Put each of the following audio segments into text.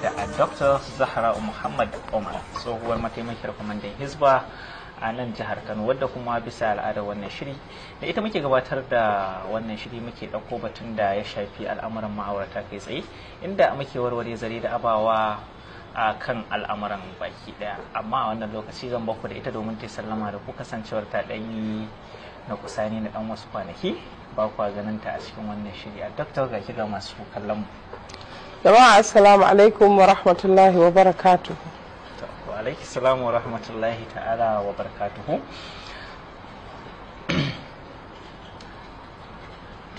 da a Dr. Zahra Muhammad Omar tsohuwar mataimakiyar kwamandan Hizba a nan jihar Kano wadda kuma bisa al'ada wannan shiri da ita muke gabatar da wannan shiri muke ɗauko batun da ya shafi al'amuran ma'aurata kai tsaye inda muke warware zare da abawa a kan al'amuran baki ɗaya amma a wannan lokaci zan baku da ita domin ta sallama da ku kasancewar ta yi na kusani na ɗan wasu kwanaki ba kwa ganin ta a cikin wannan shiri a doktor ga ga masu kallon mu جماعة السلام عليكم ورحمة الله وبركاته وعليك السلام ورحمة الله تعالى وبركاته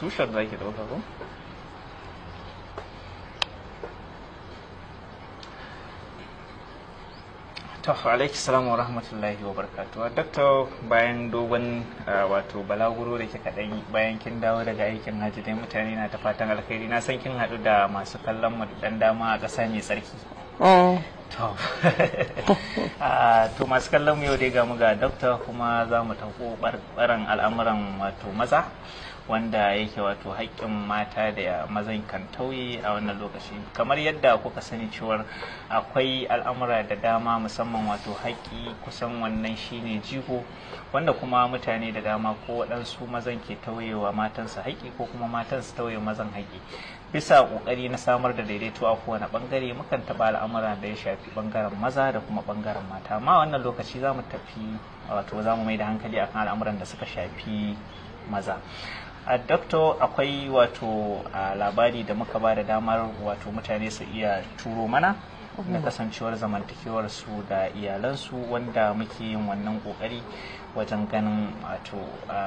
توشر دايك دوكا tafi alaiki salamu wa rahmatullahi wa barkatuwa Doktor bayan dogon ah, wato balaguro da ke kaɗan bayan kin dawo daga aikin hajji dai mutane na ta fatan alkhairi na san kin haɗu da masu kallon mu ɗan dama a ƙasa mai tsarki. Eh. Ah, to masu kallon mu yau dai ga mu ga kuma za mu tafi ɓaran al'amuran wato maza. wanda yake wato haƙƙin mata da mazan kan tauye a wannan lokaci kamar yadda kuka sani cewar akwai al'amura da dama musamman wato haƙƙi kusan wannan shine jigo wanda kuma mutane da dama ko waɗansu mazan ke tauyewa matansa haƙƙi ko kuma matan tauye mazan haƙƙi bisa ƙoƙari na samar da daidaito a kowane ɓangare mukan taɓa al'amura da ya shafi ɓangaren maza da kuma ɓangaren mata amma wannan lokaci za mu tafi wato za mu mai da hankali akan al'amuran da suka shafi maza a doctor akwai wato labari da muka ba da damar wato mutane su iya turo mana na kasancewar zamantakewar su da iyalansu wanda muke yin wannan kokari wajen ganin wato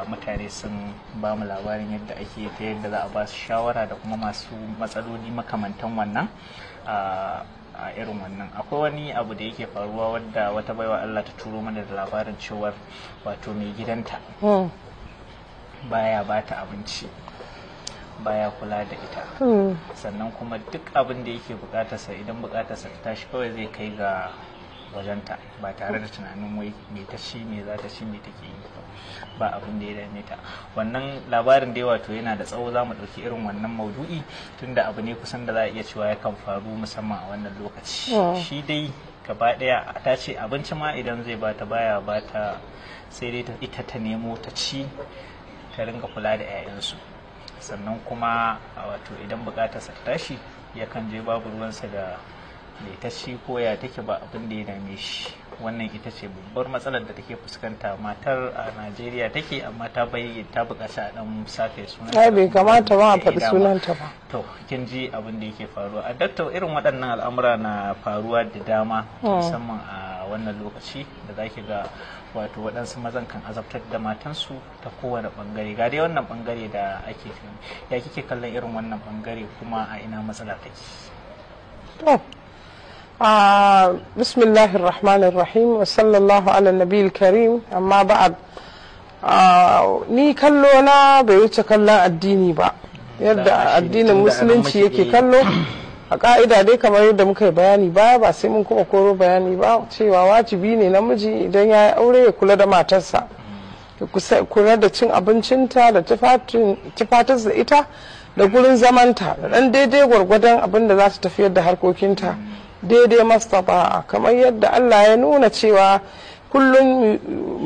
mutane sun ba mu labarin yadda ake ta yadda za a ba su shawara da kuma masu matsaloli makamantan wannan a irin wannan akwai wani abu da yake faruwa wadda wata baiwa Allah ta turo mana da labarin cewar wato mai gidanta hmm. baya bata abinci baya kula da ita hmm. sannan kuma duk abin da yake bukatarsa idan bukatarsa ta tashi kawai zai kai ga wajenta ba tare da tunanin wai me ta ci me za ta ci me take yi ba abin da ya dame ta wannan labarin da wato yana da tsawo za mu ɗauki irin wannan maudu'i tunda abu ne kusan da za a iya cewa yakan faru musamman a wannan lokaci hmm. shi dai gaba ɗaya ta ce abinci ma idan zai bata baya bata sai dai ita ta nemo ta ci ta ringa kula da 'ya'yansu sannan kuma wato idan bukatar sa tashi yakan je babu ruwansa da mai tashi ko ya take ba abin da ya dame shi wannan ita ce babbar matsalar da take fuskanta matar a najeriya take amma ta bai ta bukaci a dan safe sunan ta bai kamata ba a faɗi sunanta ba to kin ji abin da yake faruwa a daktar irin waɗannan al'amura na faruwa da dama hmm. musamman a wannan lokaci da za ga wato waɗansu mazan kan azabtar da matansu ta kowane ɓangare ga dai wannan ɓangare da ake ya kike kallon irin wannan ɓangare kuma a ina matsala take to a bismillahir rahmanir rahim wa sallallahu ala nabiyil karim amma ba'ad ni kallo na bai wuce kallon addini ba yadda addinin musulunci yake kallo a ka'ida dai kamar yadda muka yi bayani baya ba sai mun kuma koro bayani ba cewa wajibi ne namiji idan ya yi aure ya kula da matarsa kula da cin abincinta da tufatarsa ita da gurin zamanta da dan daidai gwargwadon abin da za su tafiyar da harkokinta daidai mastafa'a kamar yadda allah ya nuna cewa kullum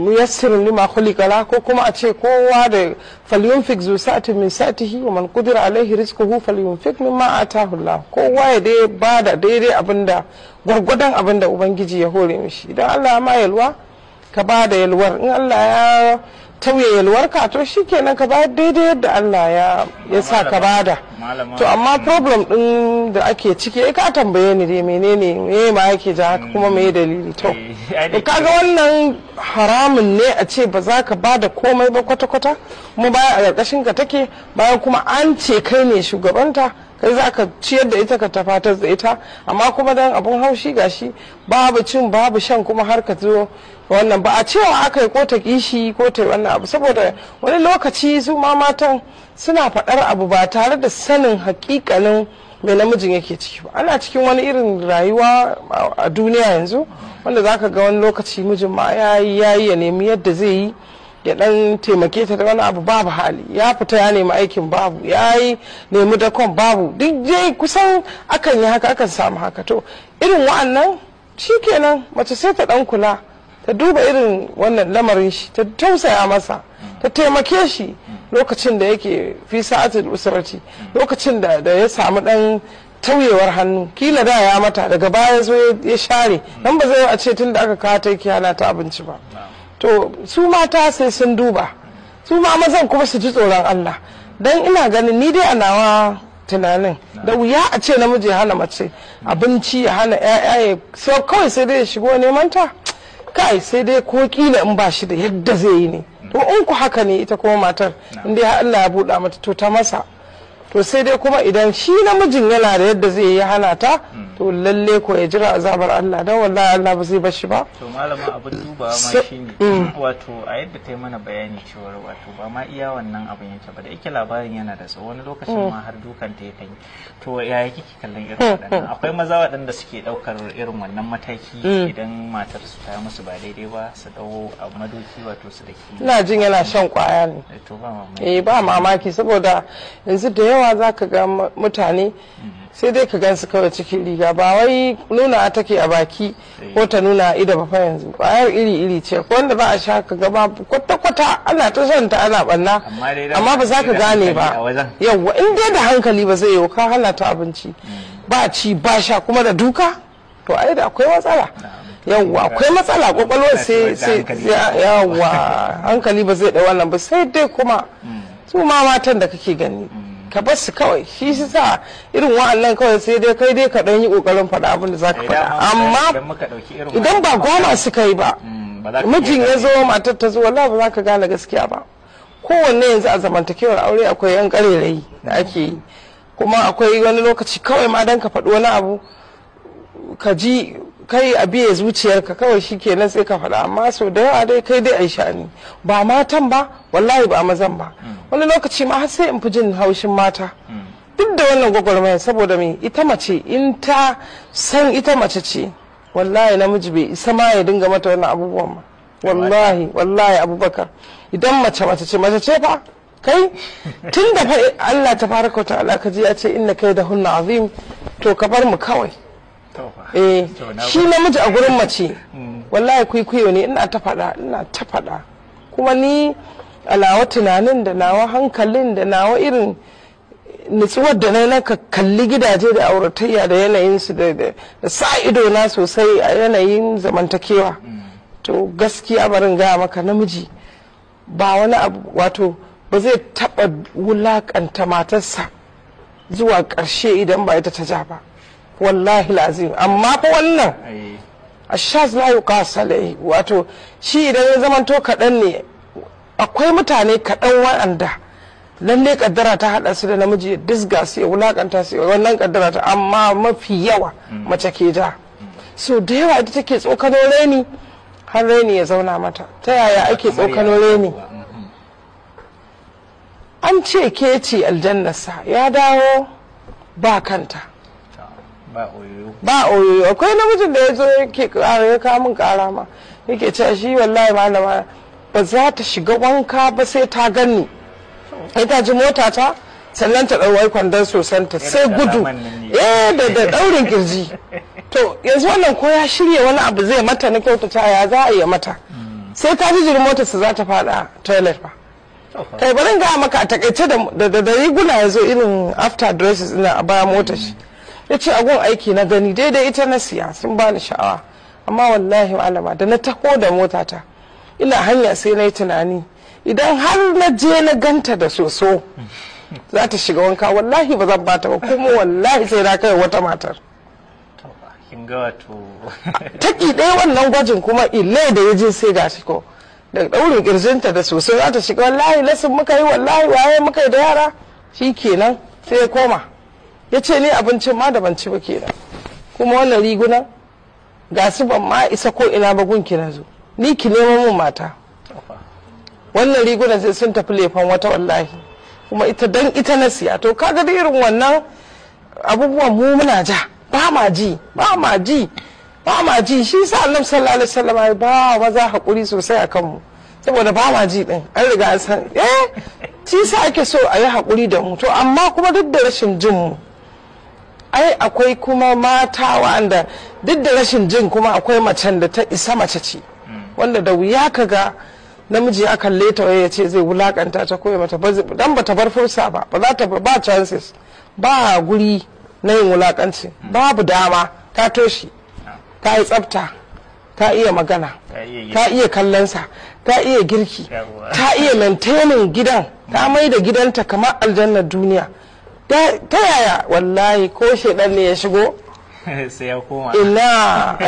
muyassirun lima khuliqala ko kuma a ce kowa da falyunfik zu sati min sa'atihi wa man qudira alaihi rizquhu falyunfik mimma atahu Allah kowa ya dai bada daidai abinda gwargwadon abinda ubangiji ya hore mishi idan Allah ma yalwa ka bada yalwar in Allah ya tauye yalwarka to shikenan ka ba daidai yadda Allah ya sa ka bada to amma problem din da ake ciki ai eh, ka tambaye ni dai menene me ma yake ja haka kuma me mm. dalili to eh, ga wannan haramun ne a ce ba za ka da komai ba kwata-kwata mu baya a ƙarƙashin ka take bayan kuma an ce kai ne shugabanta kai za ka ciyar da ita ka tafa da ita amma kuma dan abun haushi gashi babu cin babu shan kuma har ka zo wannan ba a cewa aka yi ko ta kishi ko ta wannan abu saboda wani lokaci su ma matan suna faɗar abu ba tare da sanin hakikalin mai namijin yake ciki ba ana cikin wani irin rayuwa a duniya yanzu wanda za ka ga wani lokaci mijin ma ya yi ya nemi yadda zai yi ya dan taimake ta da wani abu babu hali ya fita ya nemi aikin babu ya yi nemi dakon babu duk dai kusan akan yi haka akan samu haka to irin wa'annan shi kenan mace sai ta dan kula ta duba irin wannan lamarin shi ta tausaya masa ta taimake shi lokacin da yake fi sa'atul usrati lokacin da ya samu dan tauyewar hannu kila da ya mata daga baya zo ya share dan ba zai a ce tun da aka kawo ta kiyana ta abinci ba to su mata sai sun duba su ma mazan kuma su ji tsoron Allah dan ina ganin ni dai a nawa tunanin da wuya a ce namiji ya hana mace abinci ya hana ya'ya sai kawai sai dai ya shigo neman ta kai sai dai ko kila in ba shi da yadda zai yi ne to in ku haka ne ita kuma matar in dai Allah ya buɗa mata to ta masa to sai dai kuma idan shi namijin yana da yadda zai yi hana ta to lalle ko ya jira azabar Allah dan wallahi Allah ba zai bar shi ba to malama abu duba ma shine mm. wato a yadda ta yi mana bayani cewa wato ba ma iya wannan abin yake ba da yake labarin yana da tsawo wani lokacin mm. ma har dukan ta yake to ya yake kike kallon irin wannan. Mm. akwai maza waɗanda suke ɗaukar irin wannan mataki idan matar su ta musu ba daidai ba su dawo a madoki wato su da ina jin yana shan kwaya ne eh, eh ba mamaki saboda yanzu da yawa yawa za ka ga mutane sai dai ka gansu kawai cikin riga ba wai nuna take a baki ko ta nuna ida ba fa yanzu kwayar iri iri ce ko wanda ba a sha ka ga ba kwata kwata ana ta son ta ana banna amma ba za ka gane ba yawa in dai da hankali ba zai yi ka hana ta abinci mm. ba ci ba sha kuma da duka to ai da akwai matsala yawwa akwai matsala kwakwalwar sai sai hankali ba zai da wannan ba sai dai kuma mm. su ma matan da kake gani mm. ka bar su kawai shi shi sa irin wa'annan kawai sai dai kai dai ka dan yi kokarin faɗa abin da zaka faɗa amma idan ba goma suka yi ba mm, mijin ya zo matar ta zo wallahi ba za ka gane gaskiya ba kowanne yanzu a zamantakewar aure akwai yan karerai da mm. ake yi kuma akwai wani lokaci kawai ma dan ka faɗi wani abu ka ji kai a biye zuciyarka kawai shi kenan sai ka faɗa amma sau da yawa dai kai dai a sha'ani ba matan ba wallahi ba mazan ba hmm. wani lokaci ma har sai in fi jin haushin mata hmm. duk da wannan gwagwarmaya saboda mai ita mace in ta san ita mace ce wallahi namiji bai isa ma ya dinga mata wannan abubuwan ba wallahi wallahi abubakar idan mace mace ce mace ce fa kai tun da fa Allah ta fara kauta alaka ji ya ce inna kai da hunna azim to ka bar mu kawai eh shi namiji a gurin mace mm. wallahi kwaikwayo ne ina ta faɗa ina ta faɗa kuma ni alawa tunanin da nawa hankalin da nawa irin nutsuwar da na ka kalli gidaje da auratayya da yanayinsu da sa ido na sosai a yanayin zamantakewa mm. to gaskiya barin gaya maka namiji ba wani abu wato ba zai taɓa wulaƙanta matarsa zuwa ƙarshe idan ba ita ta ja ba wallahi lazim amma fa wannan ashaz la yuqasalai wato shi idan ya zamanto kaɗan ne akwai mutane kaɗan wa'anda lalle kaddara ta hada su da namiji ya disga su ya wulakanta su ya wannan kaddara ta amma mafi yawa hmm. mace ke ja hmm. so da yawa ita take tsokano reni har reni ya zauna mata ta yaya ake tsokano reni hmm. an ce ke ce aljannarsa ya dawo ba kanta ba oyoyo akwai namijin da ya zo yake ya kamun kara ma yake cewa shi wallahi ma malama ba za ta shiga wanka ba sai ta ganni ta ji mota ta sannan ta ɗauwai kwandon sosanta sai gudu eh da da ɗaurin kirji to yanzu wannan ko ya shirya wani abu zai mata na kyautata ya za a iya mata hmm. sai ta ji motar su za ta faɗa toilet ba kai barin ga maka a takaice da da riguna ya zo irin after dresses ina a baya motar shi hmm. ya ce agun aiki na gani daidai ita na siya sun bani sha'awa amma wallahi malama da na taho da motata ina hanya sai na yi tunani idan har na je na ganta da soso za ta shiga wanka wallahi ba zan bata ba kuma wallahi sai na kai wata matar ta ki ɗaya wannan gwajin kuma ile da ya je sai ga shi ko da ɗaurin ƙirjinta da sosai za ta shiga wallahi lasin muka yi wallahi waye muka yi da yara shi kenan sai ya koma ya ce ni abincin ma da ban ci ba kenan kuma wannan riguna ga su ban ma isa ko ina ba gunki na zo ni ki nemo mun mata wannan riguna sai sun tafi lefan wata wallahi kuma ita dan ita na siya to kaga da irin wannan abubuwan mu muna ja ba ma ji ba ma ji ba ma ji shi sa annabi sallallahu alaihi wasallam ya ba maza hakuri sosai a kanmu. saboda ba ma ji din an riga an san eh shi sa ake so a yi hakuri da mu to amma kuma duk da rashin jin mu ai akwai kuma mata wanda duk da rashin jin kuma akwai macen da ta isa mace ce wanda da wuya ka ga namiji ya kalle ta ya ce zai wulakanta ta koya mata dan ba ta bar fursa ba ba za ta ba chances ba guri na yin wulakanci babu dama ta toshi ta yi tsafta ta iya magana ta iya kallonsa ta iya girki ta iya maintaining gidan ta mm. maida gidanta kamar aljannar duniya ta yaya wallahi ko shaidan ne ya shigo sai ya koma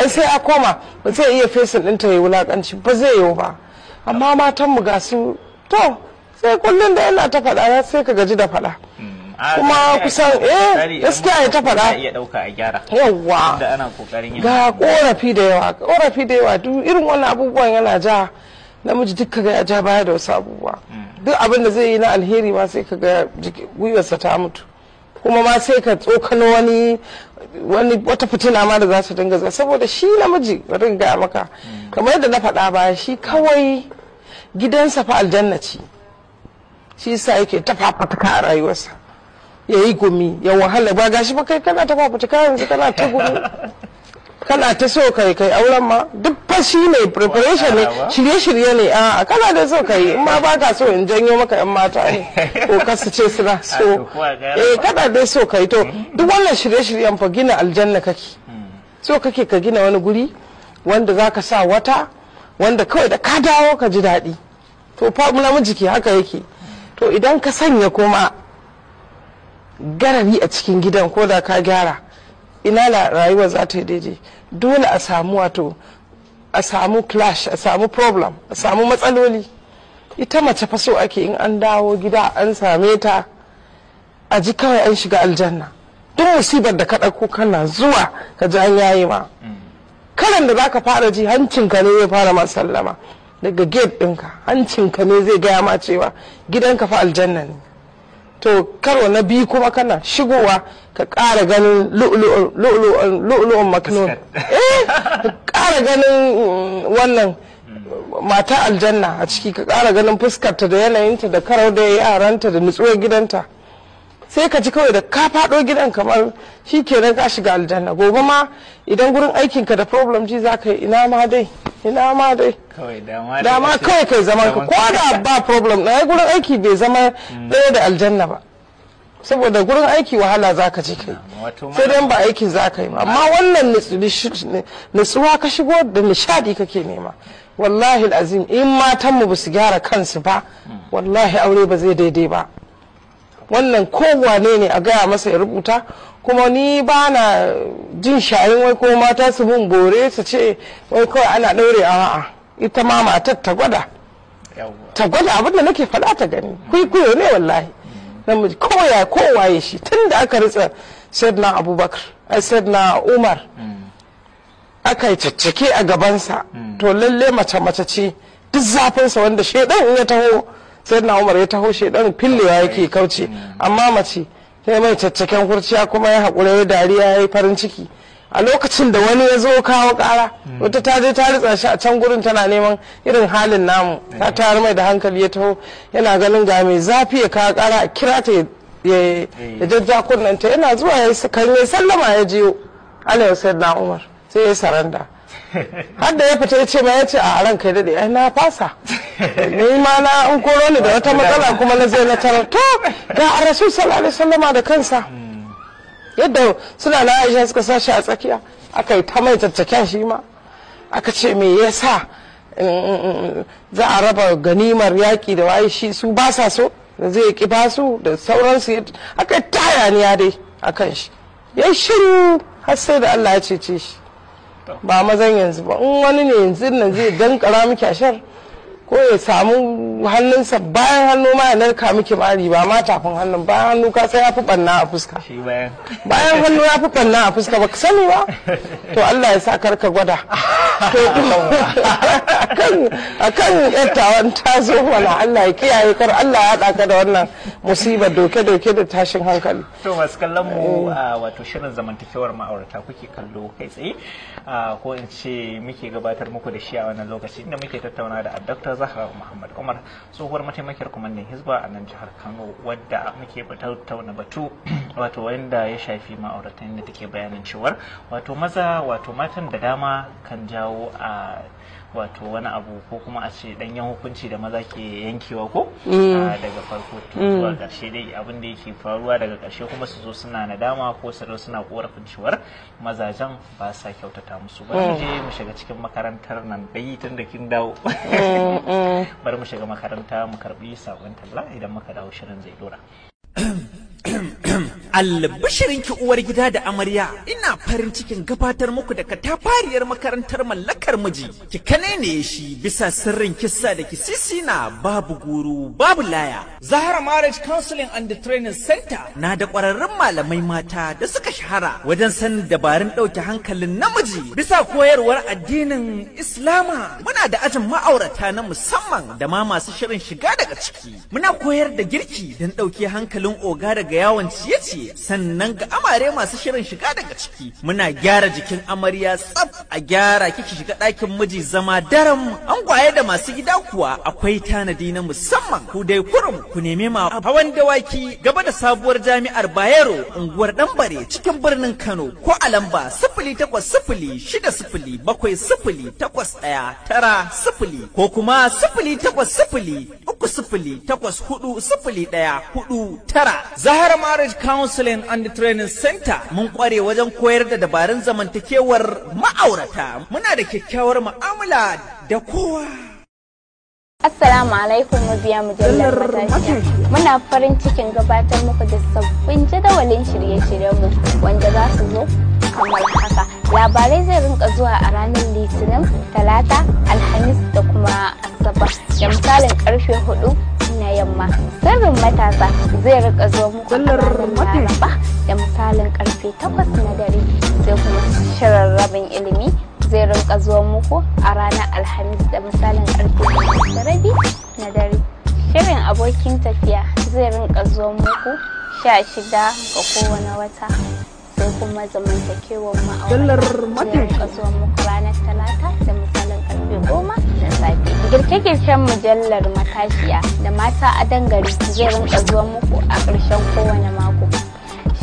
sai a ba zai iya fesin ɗinta ya wulakanci ba zai yiwu ba amma matan mu ga su to sai kullum da yana ta faɗa ya sai ka gaji da faɗa mm, kuma kusan eh gaskiya ya ta faɗa iya yawa ga korafi da yawa korafi da yawa duk irin wannan abubuwan yana ja namiji duk kaga ya ja baya da wasu abubuwa mm. duk abin da zai yi na alheri ma sai kaga gwiwarsa ta mutu kuma ma sai ka tsokano wani wani wata fitina ma da za su dinga zuwa saboda shi namiji bari ga maka kamar yadda na faɗa ba shi kawai gidansa fa aljanna ce shi yasa yake ta fafutuka a rayuwarsa ya yi gumi ya wahala ba gashi ba kai kana ta fafutuka yanzu kana ta gumi kana ta so kai kai auren ma duk fa shi ne preparation ne shirye-shirye ne a kana da so kai in ma ba ka so in janyo maka yan mata ne ko kasu ce suna so eh kana da so kai to mm. duk wannan shirye-shiryen fa gina aljanna kake mm. so kake ka gina wani guri wanda za ka sa wata wanda kawai da ka dawo ka ji daɗi to fa namiji ke haka yake to idan ka sanya kuma garari a cikin gidan ko da ka gyara ina rayuwa za ta yi daidai dole a samu wato a samu clash a samu problem a samu matsaloli ita mace fa so ake in an dawo gida an same ta a ji kawai an shiga aljanna duk musibar da ka ɗauko kana zuwa ka ji an yayi ma kalan da za ka fara ji hancinka ne zai fara ma sallama daga gate ɗinka hancin ka ne zai gaya ma cewa gidanka fa aljanna ne to karo na biyu kuma kana shigowa ka ƙara ganin lu'ulu'un maknun eh ka ƙara ganin mm, wannan hmm. mata aljanna a ciki ka ƙara ganin fuskarta da yanayinta da karau da yaranta da nutsuwar gidanta sai ka ji kawai da ka faɗo gidan kamar shi kenan ka shiga aljanna gobe ma idan gurin aikinka da problem ji za ka yi ina ma dai ina ma dai dama kawai kai zaman ka ko da ba problem ɗaya gurin aiki bai zama mm. ɗaya da aljanna ba saboda gurin aiki wahala za ka ji kai sai dan ba aikin za ka yi amma wannan nutsuwa ka shigo da nishadi kake nema wallahi azim in matanmu ba su gyara kansu ba mm. wallahi aure ba zai daidai ba wannan kowane ne a gaya masa ya rubuta kuma ni ba na jin shayin wai ko mata su bin bore su ce wai kawai ana ɗaure a'a ita ma matar ta gwada ta gwada da nake faɗa ta gani kwaikwayo ne wallahi namiji kowa kowaye shi tun da aka ritsa na abubakar na umar mm. aka yi caccake a gabansa mm. to lalle mace mace ce duk zafinsa wanda shaidan ya taho sai na umar ya taho shedan ya yake kauce amma mace yi mai caccaken kurciya kuma ya haƙura ya dariya ya yi farin ciki a lokacin da wani ya zo kawo ƙara wata ta je ta ritsa shi a can gurin tana neman irin halin namu ta tayar mai da hankali ya taho yana ganin ga mai zafi ya kawo ƙara a kira ta ya jajja kunnanta yana zuwa ya sallama ya jiyo alayhi na umar sai ya saranda har ya fita ya ce ma ya ce a ran kai daɗe ai na fasa ni ma na an koro ni da wata matsala kuma na zai na tarar to ga rasul sallallahu alaihi wasallam da kansa yadda suna na aisha suka sa a tsakiya aka yi ta mai tattaken shi ma aka ce me yasa za a raba ganimar yaƙi da waye shi su ba sa so da zai ki ba su da sauransu aka ta ni dai akan shi ya shiru har sai da Allah ya cece shi ba mazan yanzu ba in wani ne yanzu nan zai dankara miki ashar ko ya samu hannunsa bayan hannu ma ya narka miki bari ba ma tafin hannun bayan hannu ka sai ya fi banna a fuska bayan hannu ya fi banna a fuska ba ka sani ba to Allah ya sa karka gwada a kan yattawan ta zo mana Allah ya kiyaye kar Allah ya haɗa da wannan musibar doke-doke da tashin hankali to masu kallon mu wato shirin zamantakewar ma'aurata kuke kallo kai tsaye ko in ce muke gabatar muku da shi a wannan lokaci inda muke tattauna da Dr. Zahra Muhammad Umar tsohuwar mataimakiyar kwamandan Hizba a nan jihar Kano wadda muke tattauna batu wato wanda ya shafi ma'auratan da take bayanin cewar wato maza wato matan da dama kan jawo a wato wani abu ko kuma a ce danyen hukunci da maza ke yankewa ko mm. ah, daga farko mm. zuwa karshe dai abin da yake faruwa daga karshe kuma su zo suna nadama ko su zo suna korafin cewar mazajen ba sa kyautata musu ba mu mm. je mu shiga cikin makarantar nan bai tun da kin dawo bari mu shiga makaranta mu karbi sabon talla idan muka dawo shirin zai dora ki uwar gida da amarya ina farin cikin gabatar muku da katafariyar makarantar mallakar miji ki kane ne shi bisa sirrin kissa da ki sisi na babu guru babu laya Zahra Marriage Counseling and Training Center na da ƙwararrun malamai mata da suka shahara wajen sanin dabarun ɗauke hankalin namiji bisa koyarwar addinin Islama muna da ajin ma'aurata na musamman da ma masu shirin shiga daga ciki muna koyar da girki don ɗauke hankalin oga daga yawon ciye-ciye sannan ga amare masu shirin shiga daga ciki muna gyara jikin amarya tsaf a gyara kiki shiga ɗakin miji zama daram an kwaye da masu gida kuwa akwai tanadi na musamman ku dai kurum ku nemi ma hawan dawaki gaba da sabuwar jami'ar bayero unguwar ɗanbare cikin birnin kano ko a lamba sifili takwas sifili shida sifili bakwai sifili takwas ɗaya tara sifili ko kuma sifili takwas sifili uku sifili takwas hudu sifili ɗaya hudu tara Zahra marriage counseling and training center mun kware wajen koyar da dabarun zamantakewar ma'aurata muna da kyakkyawar mu'amala da kowa Assalamu alaikum mabiya mujallar matashiya. Muna farin cikin gabatar muku da sabbin jadawalin shirye-shiryenmu wanda za su zo kamar haka. Labarai zai rinka zuwa a ranar Litinin, Talata, Alhamis da kuma Asabar da misalin karfe hudu yamma sirrin matasa zai rika zuwa muku ba da misalin karfe takwas na dare sai kuma shirin rabin ilimi zai rika zuwa muku a ranar alhamis da misalin karfe rabi na dare shirin abokin tafiya zai rinka zuwa muku sha shida ga kowane wata sai kuma zamantakewar ma'aurata zai rika zuwa muku ranar talata da goma da safe. Girke-girken mujallar matashiya da mata a dangare zai rinka zuwa muku a ƙarshen kowane mako.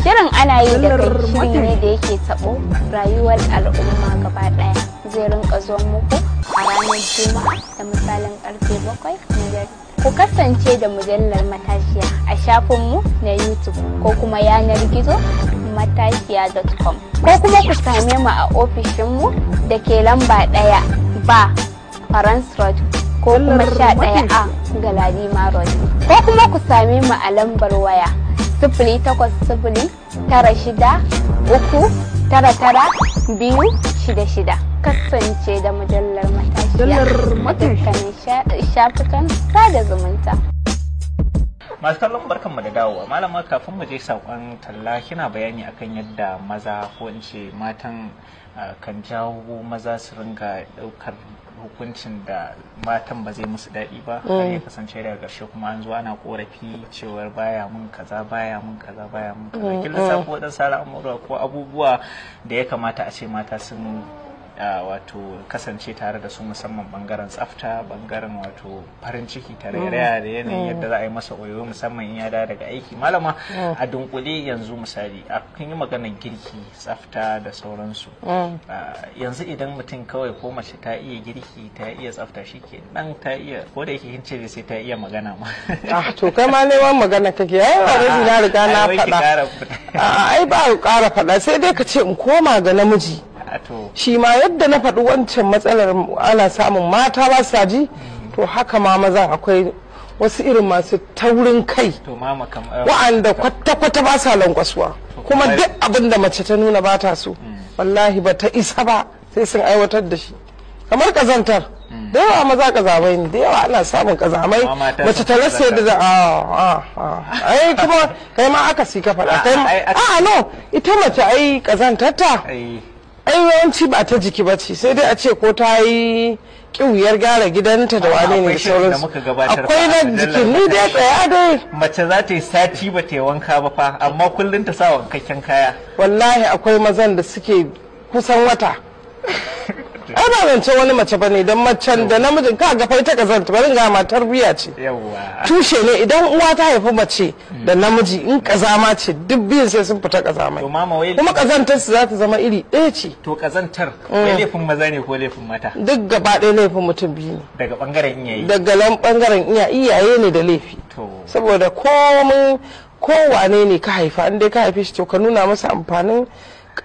Shirin ana yi da kai ne da yake taɓo rayuwar al'umma gaba ɗaya zai rinka zuwa muku a ranar Juma'a da misalin ƙarfe bakwai Ku kasance da mujallar matashiya a shafinmu na YouTube ko kuma yanar gizo matashiya.com ko kuma ku same mu a ofishinmu da ke lamba ɗaya ba Farans Road ko kuma sha ɗaya a Galadima Road. Ko kuma ku same mu a lambar waya sifili takwas sifili tara shida uku tara tara biyu shida shida. Kasance da mujallar matashiya a sada zumunta. masu kallon barkanmu da dawowa malama kafin mu je saƙon talla kina bayani akan yadda maza ko in ce matan ah, kan jawo maza su ringa ɗaukar hukuncin da matan ba zai musu daɗi ba mm. har ya kasance daga ƙarshe kuma an zo ana korafi cewar baya mun kaza baya mun kaza baya mun kaza mm, kin lissafo mm. waɗansu al'amura ko abubuwa da ya kamata a ce mata sun wato kasance tare da su musamman bangaren tsafta bangaren wato farin ciki tare mm. da yanayin yadda za a yi masa oyo musamman in ya dawo daga aiki malama mm. a dunkule yanzu misali a kan yi magana girki tsafta da sauransu mm. yanzu idan mutum kawai ko mace ta iya girki ta iya tsafta shi ke nan ta iya ko da yake hince ne sai ta iya magana ma ah, to kai ma ne wani magana kake ai ba na riga na faɗa ah, ai ba ƙara faɗa sai dai ka ce in koma ga namiji shi ma yadda na faɗi wancan matsalar ana samun mata ba sa ji to haka ma maza akwai wasu irin masu taurin kai eh, wa'anda kwata-kwata ba sa lankwasuwa kuma duk abin da mace ta nuna ba ta so mm. wallahi ba ta isa ba sai sun aiwatar da shi kamar kazantar da yawa maza kazamai ne da yawa ana samun kazamai mace ta rasa yadda za a ah, ah, ah. ai kuma kai ma aka si ka faɗa kai ma a no ita mace ai kazantar ta ai yawanci ba ta jiki ba ce sai dai a ce ko ta yi kiwuyar gyara gidanta da wane ne da sauransu akwai na jikin ni dai tsaya dai mace za ta yi sati ba ta yi wanka ba fa amma kullum ta sa wankakken kaya wallahi akwai mazan da suke kusan wata ai ba zancen wani mace bane dan macen da namijin ka ga fai ta kazanta bari ga matar biya ce tushe ne idan uwa ta haifi mace da namiji in kazama ce duk biyun sai sun fita kazama kuma kazantar su za ta zama iri ɗaya ce to kazantar mm. wai laifin maza ne ko laifin mata duk gaba ɗaya laifin mutum biyu ne daga bangaren iyaye daga lan bangaren iyaye ne da laifi saboda komun kowane ne ka haifa in dai ka haife shi to ka nuna masa amfanin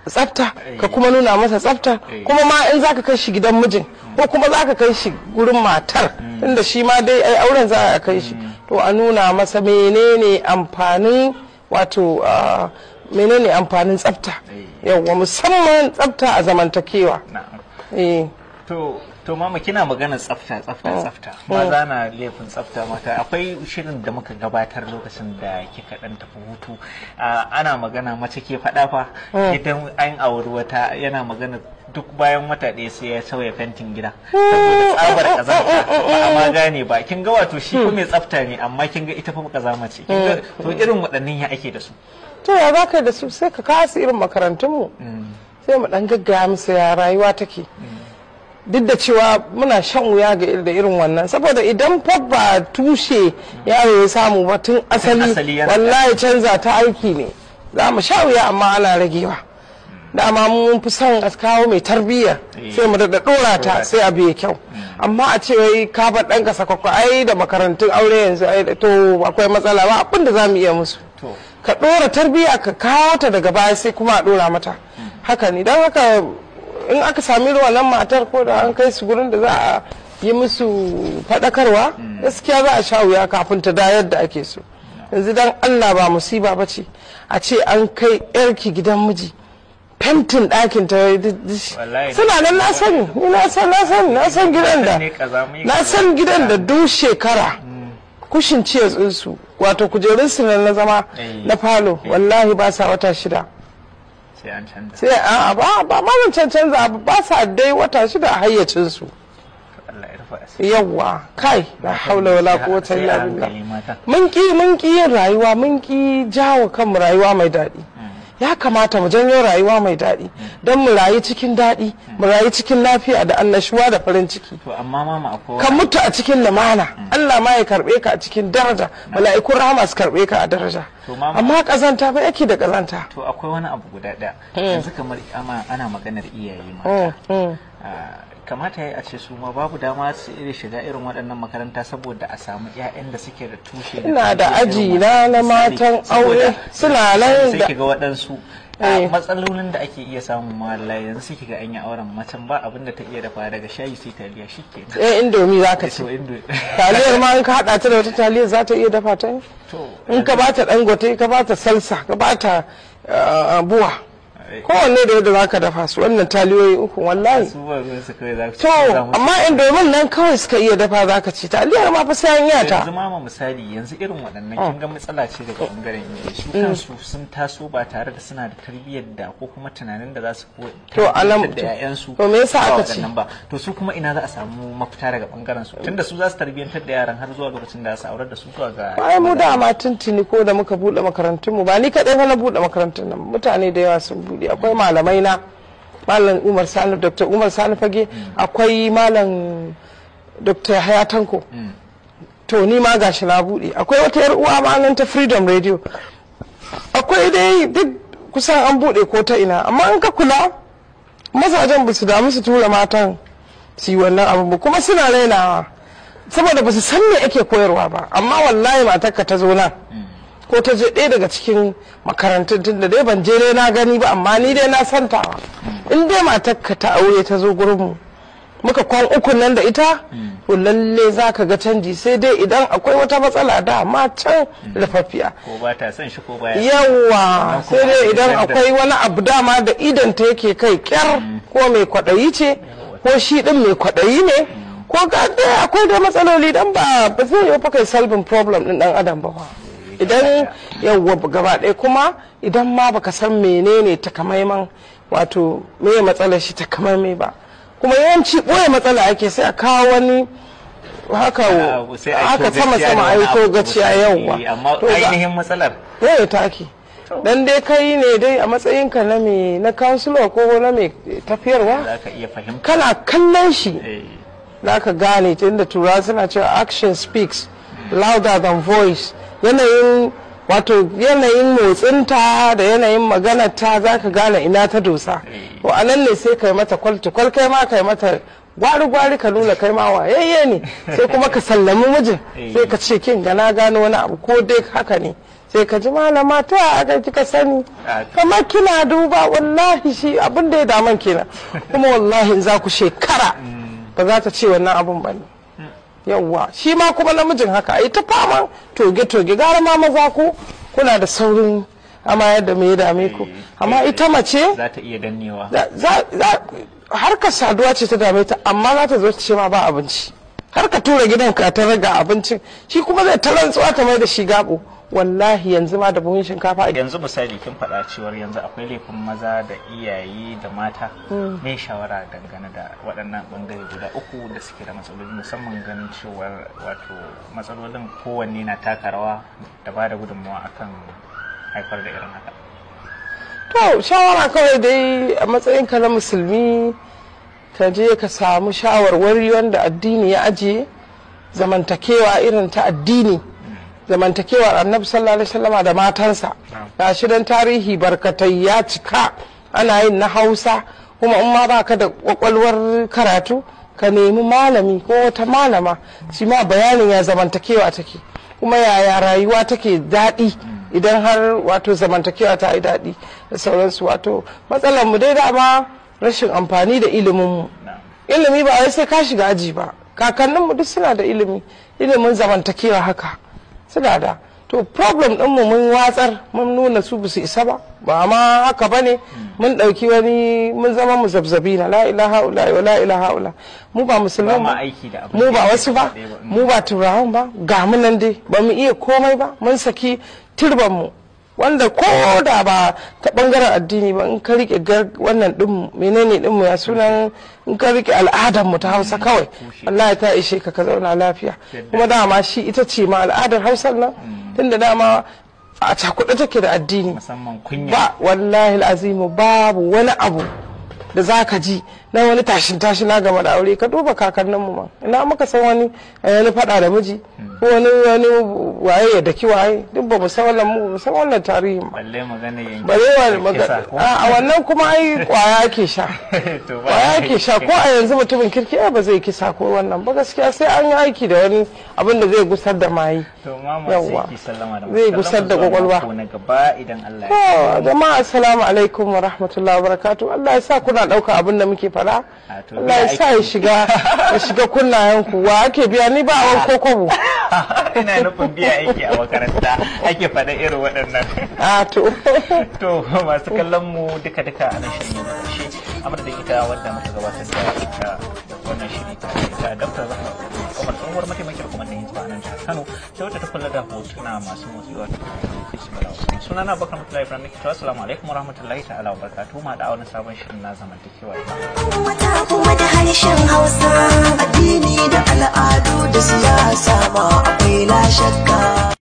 tsafta ka kuma nuna masa tsafta kuma ma in zaka kai shi gidan mijin ko kuma zaka kai shi gurin matar inda shi ma dai ai auren za a kai shi to a nuna masa menene amfanin wato menene amfanin tsafta eh. yawwa musamman tsafta a zamantakewa eh. to to mama kina magana tsafta tsafta oh, tsafta oh. maza na laifin tsafta mata akwai shirin da muka gabatar lokacin da kika dan tafi hutu ana magana mace ke faɗa fa oh. idan an auri wata yana magana duk bayan wata ɗaya sai ya sauya fentin gida saboda tsabar kazanta ba a ma gane ba kin ga wato shi ko mai tsafta ne amma kin ga ita fa kazama ce hmm. to irin waɗannan ya ake da su to ya zaka da su sai ka kasu irin makarantun mu hmm. sai mu dan gaggaya musu ya rayuwa take hmm. duk da cewa muna shan wuya ga da irin wannan saboda idan ba tushe yaro ya samu ba tun asali ya canza ta aiki ne za mu sha wuya amma ana ragewa dama mun fi son a kawo mai tarbiyya eh. sai mu daɗa ɗora ta sai a biya kyau hmm. amma a ce wai ka bar ɗan ka ai da makarantun aure yanzu ai to akwai matsala ba abin da za iya musu ka dora tarbiyya ka kawo ta daga baya sai kuma a dora mata hmm. haka ne don haka in aka sami wannan matar ko da an kai su gurin da za a yi musu faɗakarwa mm. gaskiya za a sha wuya kafin ta dayar yadda ake so yanzu dan allah ba musiba ba ce a ce an kai yarki gidan miji fentin ɗakin ta suna nan na sani na san na san na san gidan da na san gidan da duk mm. shekara kushin ciye tsinsu wato kujerunsu na zama eh. na falo eh. wallahi ba sa wata shida sai an canza sai a ba ba ma canza ba ba sa dai wata shida a hayyacin su yawwa kai la haula wala quwwata illa billah mun ki mun ki yin rayuwa mun ki jawo kanmu rayuwa mai daɗi ya kamata mu janyo rayuwa mai daɗi don mu rayu cikin daɗi mu rayu cikin lafiya da annashuwa da farin ciki ka mutu a cikin lumana Allah ma ya karɓe ka a cikin daraja mala'ikun rahama su karɓe ka a daraja amma kazanta ba yake da kazanta to akwai wani abu guda ɗaya hmm. yanzu kamar ana maganar iyaye mata hmm, hmm. ah, kamata ya yi a ce su ma babu dama su iri shiga irin waɗannan makaranta saboda a samu 'ya'yan da suke da tushe ina da aji na na matan aure suna nan da ga waɗansu eh. matsalolin da ake iya samun mawalla yanzu suke ga an yi auren macen ba abin da ta iya dafa daga shayi sai taliya shi ke eh indomi za ka eh, ce taliyar ma in ka haɗa ta da wata taliyar za ta iya dafa ta in ka eh. ba ta dangote ka ba ta salsa ka ba ta buwa kowanne da yadda zaka dafa su wannan taliyoyi uku wallahi to amma in domin nan kawai suka iya dafa zaka ci taliyar ma fa sai an yata yanzu ma misali yanzu irin waɗannan kin ga matsala ce daga bangaren su mm. kansu sun taso ba tare da suna da tarbiyyar da ko kuma tunanin da za su to alam da ƴaƴan su to me yasa aka ci to su kuma ina za a samu mafita daga bangaren su tunda su za su tarbiyyantar da yaran har zuwa lokacin da za su aurar da su zuwa ga ai mu da ma tuntuni ko da muka bude makarantun mu ba ni kadai na bude makarantun nan mutane da yawa sun buɗe. buɗe akwai malamai na malam umar salif dr umar salif fage mm. akwai malam dr hayatanko mm. to ni ma gashi na buɗe akwai wata yar uwa malam ta freedom radio akwai dai duk kusan an buɗe ko ta ina amma in ka kula mazajen ba su damu su tura matan su yi wannan abu kuma suna rainawa saboda ba su san me ake koyarwa ba amma wallahi matarka ta zo nan mm. ko ta je ɗaya daga cikin makarantun tun da dai ban je dai na gani ba amma ni dai na santa in dai matarka ta aure ta zo gurin mu muka kwan uku nan da ita to lalle za ka ga canji sai dai idan akwai wata matsala da ma can lafafiya ko ba ta san shi ko ba yawa sai dai idan akwai wani abu dama da idan ta yake kai kyar ko mai kwaɗayi ce ko shi ɗin mai kwaɗayi ne ko ga akwai da matsaloli dan ba ba zai yi fa kai solving problem ɗin ɗan adam ba idan yawwa gaba ɗaya kuma idan ma baka san menene takamaiman wato me matsalar shi takamaimai ba kuma yawanci ya matsala ake sai a kawo wani haka ah, haka sama sama aiko gaciya yawwa amma ainihin matsalar eh take dan dai kai ne dai a matsayinka na me na kansula ko na me tafiyarwa kana kallon shi eh. za ka gane tunda turawa suna cewa action speaks louder than voice yanayin wato yanayin motsinta da yanayin maganata za ka gane ina ta dosa to a nan ne sai kai mata kwaltukwal kai ma kai mata gwari-gwari ka nuna kai ma wayayye ne sai kuma ka sallami mijin sai ka ce kin gana gano wani abu ko dai haka ne sai ka ji malama ta aka kika sani kamar kina duba wallahi shi abin da ya daman kenan kuma wallahi za ku shekara ba za ta ce wannan abun ba ne yawwa shi ma kuma namijin haka a yi ta fama toge-toge gara ma maza ku kuna da saurin amma yadda mai dame ku eh, amma eh, ita mace za ta saduwa ce ta dame ta amma za ta zo ta ce ma ba abinci har ka tura gidan ka ta raga abincin shi kuma zai ta rantsuwa ta mai da shi gabo wallahi yanzu ma da buhun shinkafa a yanzu misali kin faɗa cewar yanzu akwai laifin maza da iyaye da mata mai hmm. shawara dangane da waɗannan bangare guda uku da suke da matsaloli musamman ganin cewar wato matsalolin kowanne na taka rawa da ba da gudunmawa akan haifar da irin haka to shawara kawai dai a matsayin na musulmi ka je ka samu shawarwari wanda addini ya ajiye zamantakewa irin ta addini zamantakewar annabi sallallahu alaihi wasallama da matansa ga dan tarihi barkatai ya cika ana yin na hausa kuma in ma baka da kwakwalwar karatu ka nemi malami ko wata malama shi ma bayanin ya zamantakewa take kuma yaya rayuwa take daɗi idan har wato zamantakewa ta yi daɗi da sauransu wato matsalar mu dai dama rashin amfani da ilimin mu ilimi ba sai ka shiga aji ba kakanninmu duk suna da ilimi ilimin zamantakewa haka suna da to problem ɗinmu mun watsar mun nuna su ba isa ba ba ma haka ba ne mun ɗauki wani mun zama mu zabzabi na la ilaha ula wa la ilaha ula mu ba musulman ba mu ba wasu ba mu ba turawan ba ga mu nan dai ba mu iya komai ba mun saki turban mu wanda ko da ba ta bangaren addini ba in ka rike wannan din menene din mu ya sunan in ka rike al'adar mu ta Hausa kawai ya ta ishe ka ka zauna lafiya kuma dama shi ita ce ma al'adar Hausa nan tunda dama a cakuɗe take da addini ba wallahi al'azimu babu wani abu da zaka ji na wani tashin tashi na gama da aure ka duba kakannin mu ma ina muka san wani eh, wani fada da miji ko hmm. wani wani waye ya daki waye duk ba mu san wannan mu san wannan tarihi ma balle magana yanki balle magana a wannan kuma ai kwaya ke sha kwaya ke sha ko a yanzu mutumin kirki ai ba zai kisa ko wannan ba gaskiya sai an yi aiki da wani abin da zai gusar da mayi yawwa zai gusar da kwakwalwa jama'a assalamu alaikum wa rahmatullahi wa barakatuh Allah ya sa kuna dauka abin da muke fara Allah ya sa ya shiga ya shiga kullayen ku wa ake biya ni ba wa ko kobo ina nufin biya aiki a makaranta ake faɗa irin waɗannan a to to masu kallon mu duka duka a nan shirin shi amma da ita wanda muka gabatar da ita da wannan shiri ta ita daftar zama kuma tsohuwar mataimakiyar kuma da yin zuwa nan Kano ta wata ta kula da hotuna masu motsi wato sunana bakar mutulai from Nick to assalamu alaikum warahmatullahi ta'ala wabarakatuh ma da wani sabon shirin na zamantakewa mata kuma da harshen Hausa addini da al'adu da siyasa ma akwai la shakka